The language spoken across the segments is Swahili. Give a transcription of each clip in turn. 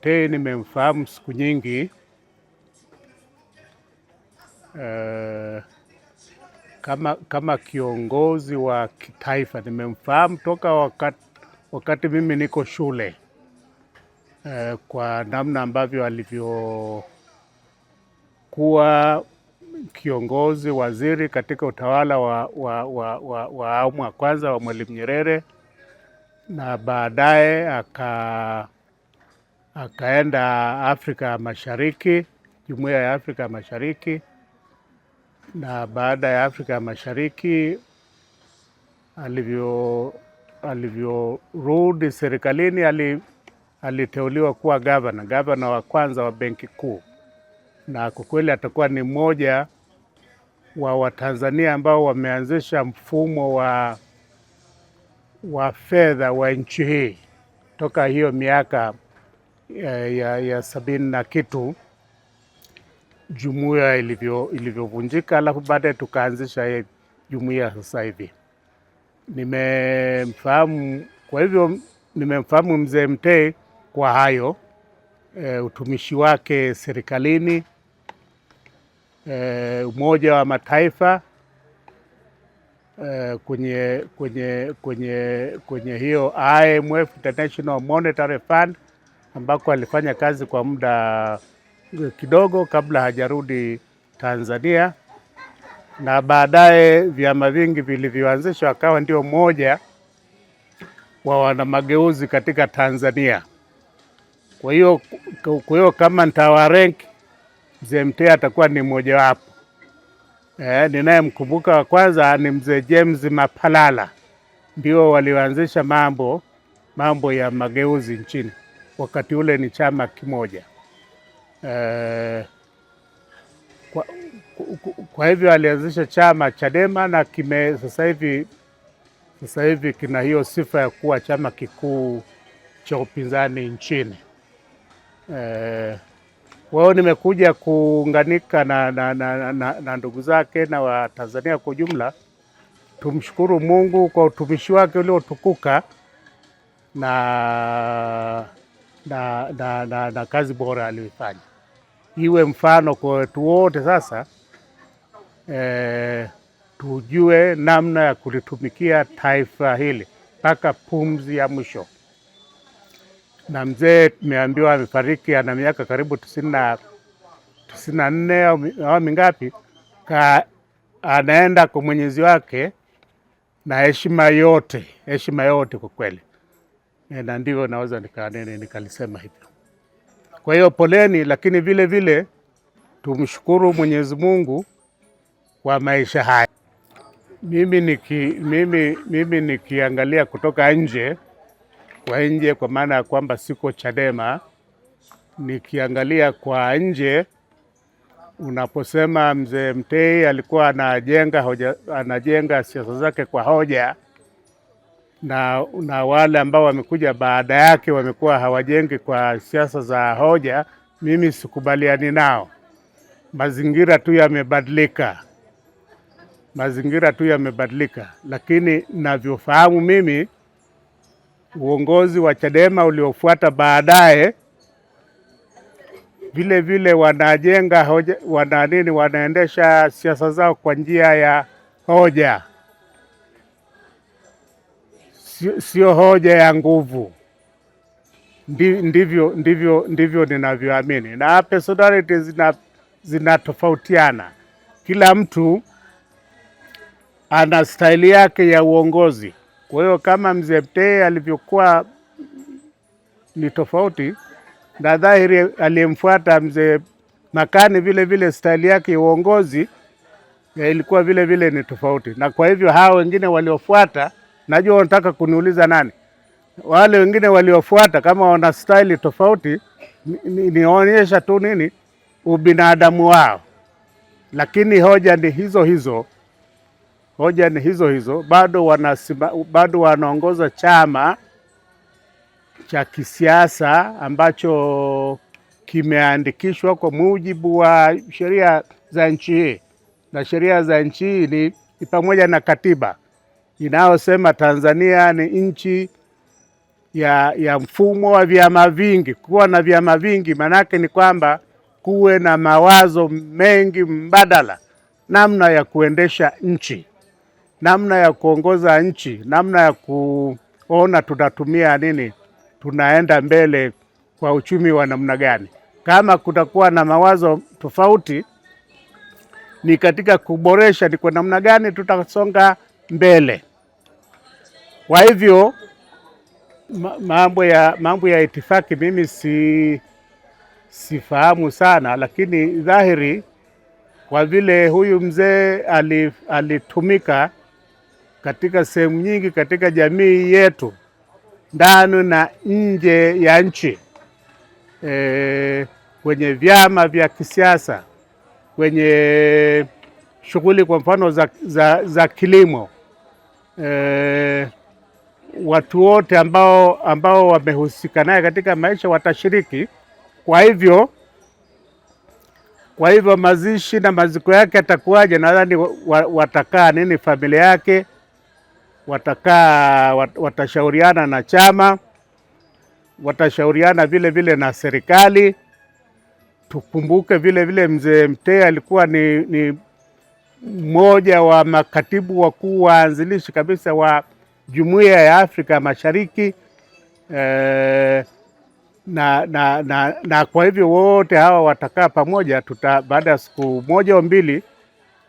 te nimemfahamu siku nyingi uh, kama, kama kiongozi wa kitaifa nimemfahamu toka wakati, wakati mimi niko shule uh, kwa namna ambavyo alivyokuwa kiongozi waziri katika utawala wa, wa, wa, wa, wa wa kwanza wa Mwalimu Nyerere na baadaye aka akaenda Afrika Mashariki, jumuiya ya Afrika Mashariki, na baada ya Afrika Mashariki alivyo alivyorudi serikalini ali, aliteuliwa kuwa gavana gavana wa kwanza wa benki kuu, na kwa kweli atakuwa ni mmoja wa Watanzania ambao wameanzisha mfumo wa, wa fedha wa nchi hii toka hiyo miaka ya, ya sabini na kitu jumuiya ilivyovunjika, alafu baadaye tukaanzisha jumuiya sasa hivi. Nimemfahamu, kwa hivyo nimemfahamu mzee Mtei kwa hayo e, utumishi wake serikalini e, Umoja wa Mataifa e, kwenye, kwenye, kwenye, kwenye hiyo IMF International Monetary Fund ambako alifanya kazi kwa muda eh, kidogo kabla hajarudi Tanzania, na baadaye vyama vingi vilivyoanzishwa akawa ndio mmoja wa wanamageuzi katika Tanzania. Kwa hiyo kwa hiyo kama nitawarank, mzee Mtea atakuwa ni wapo. Eh, ninayemkumbuka wa kwanza ni mzee James Mapalala, ndio walioanzisha mambo mambo ya mageuzi nchini wakati ule ni chama kimoja e, kwa, kwa hivyo alianzisha chama Chadema na kime sasa hivi sasa hivi kina hiyo sifa ya kuwa chama kikuu cha upinzani nchini. E, kwa hiyo nimekuja kuunganika na, na, na, na, na ndugu zake na Watanzania kwa ujumla. Tumshukuru Mungu kwa utumishi wake uliotukuka na na, na, na, na kazi bora aliyoifanya iwe mfano kwa watu wote. Sasa e, tujue namna ya kulitumikia taifa hili mpaka pumzi ya mwisho. Na mzee tumeambiwa amefariki ana miaka karibu tisini na nne au mingapi, ka anaenda kwa Mwenyezi wake na heshima yote, heshima yote kwa kweli. Eh, na ndivyo naweza nikalisema hivyo. Kwa hiyo poleni, lakini vile vile tumshukuru Mwenyezi Mungu kwa maisha haya. Mimi, niki, mimi, mimi nikiangalia kutoka nje kwa nje, kwa maana ya kwamba siko Chadema, nikiangalia kwa nje, unaposema mzee Mtei alikuwa anajenga hoja, anajenga siasa zake kwa hoja na, na wale ambao wamekuja baada yake wamekuwa hawajengi kwa siasa za hoja, mimi sikubaliani nao. Mazingira tu yamebadilika, mazingira tu yamebadilika, lakini navyofahamu mimi uongozi wa Chadema uliofuata baadaye vile vile wanajenga hoja, wana nini, wanaendesha siasa zao kwa njia ya hoja sio, hoja ya nguvu. Ndivyo, ndivyo, ndivyo ninavyoamini, na personality zina zinatofautiana. Kila mtu ana staili yake ya uongozi. Kwa hiyo kama mzee Mtee alivyokuwa ni tofauti na dhahiri, aliyemfuata mzee Makani vile vile staili yake ya uongozi ya ilikuwa vile vile ni tofauti, na kwa hivyo hao wengine waliofuata Najua wanataka kuniuliza nani. Wale wengine waliofuata kama wana staili tofauti, nionyesha ni, ni tu nini ubinadamu wao, lakini hoja ni hizo hizo, hoja ni hizo hizo. Bado wanasima, bado wanaongoza chama cha kisiasa ambacho kimeandikishwa kwa mujibu wa sheria za nchi hii, na sheria za nchi hii ni pamoja na katiba inayosema Tanzania ni nchi ya, ya mfumo wa vyama vingi. Kuwa na vyama vingi maanake ni kwamba kuwe na mawazo mengi mbadala, namna ya kuendesha nchi, namna ya kuongoza nchi, namna ya kuona tunatumia nini, tunaenda mbele kwa uchumi wa namna gani. Kama kutakuwa na mawazo tofauti, ni katika kuboresha ni kwa namna gani tutasonga mbele. Kwa hivyo mambo ya, mambo ya itifaki mimi si, sifahamu sana, lakini dhahiri kwa vile huyu mzee alitumika katika sehemu nyingi katika jamii yetu ndani na nje ya nchi e, kwenye vyama vya kisiasa, kwenye shughuli kwa mfano za, za, za kilimo e, watu wote ambao, ambao wamehusika naye katika maisha watashiriki. Kwa hivyo kwa hivyo mazishi na maziko yake atakuwaje? Nadhani watakaa nini, familia yake watakaa, watashauriana na chama, watashauriana vile vile na serikali. Tukumbuke vile vile mzee Mtei alikuwa ni, ni mmoja wa makatibu wakuu waanzilishi kabisa wa Jumuiya ya Afrika Mashariki eh, na, na, na, na kwa hivyo wote hawa watakaa pamoja, tuta baada ya siku moja au mbili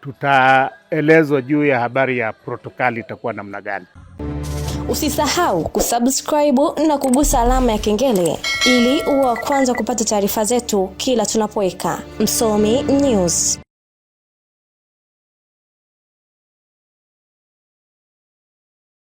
tutaelezwa juu ya habari ya protokali itakuwa namna gani. Usisahau kusubscribe na kugusa alama ya kengele ili uwe wa kwanza kupata taarifa zetu kila tunapoweka Msomi News.